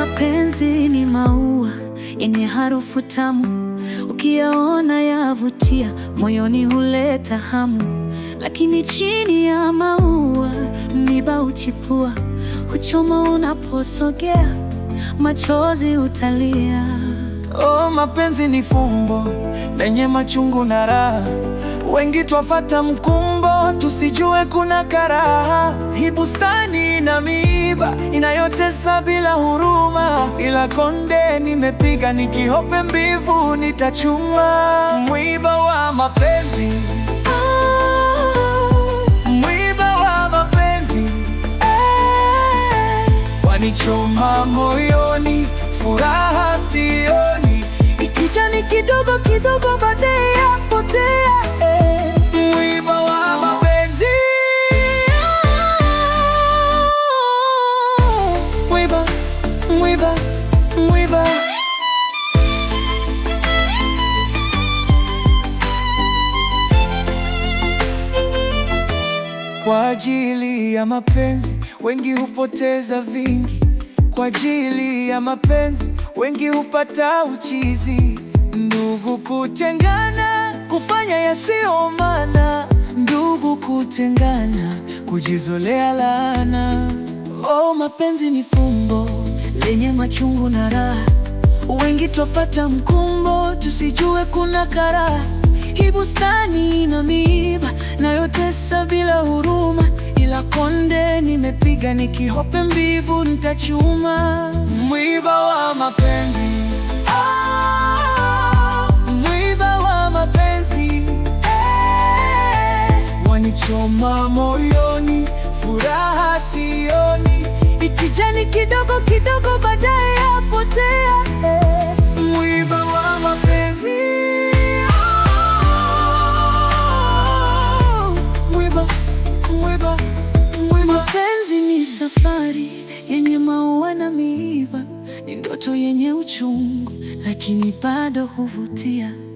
mapenzi ni maua yenye harufu tamu, ukiyaona yavutia, moyoni huleta hamu. Lakini chini ya maua miba huchipua, huchoma unaposogea, machozi utalia. Oh, mapenzi ni fumbo lenye machungu na raha, wengi twafata mkumbo, tusijue kuna karaha. Hii bustani ina miiba inayotesa bila huruma, ila konde nimepiga nikihope mbivu nitachuma. Mwiba wa mapenzi ah, mwiba wa mapenzi eh, wanichoma moyoni, furaha sioni, ikijani kidogo Kwa ajili ya mapenzi wengi hupoteza vingi. Kwa ajili ya mapenzi wengi hupata uchizi. Ndugu kutengana, kufanya yasiyo maana. Ndugu kutengana, kujizolea laana. Oh, mapenzi ni fumbo lenye machungu na raha. Wengi twafata mkumbo, tusijue kuna karaha. Hii bustani ina miiba, nayotesa bila huruma konde nimepiga, nikihope mbivu nitachuma. Mwiba wa mapenzi ah, mwiba wa mapenzi eh, wanichoma moyoni, furaha sioni, ikijani kidogo kidogo, baadaye yapotea eh, mwiba wa mapenzi ah, kamwe. Mapenzi ni safari yenye maua na miiba, ni ndoto yenye uchungu, lakini bado huvutia.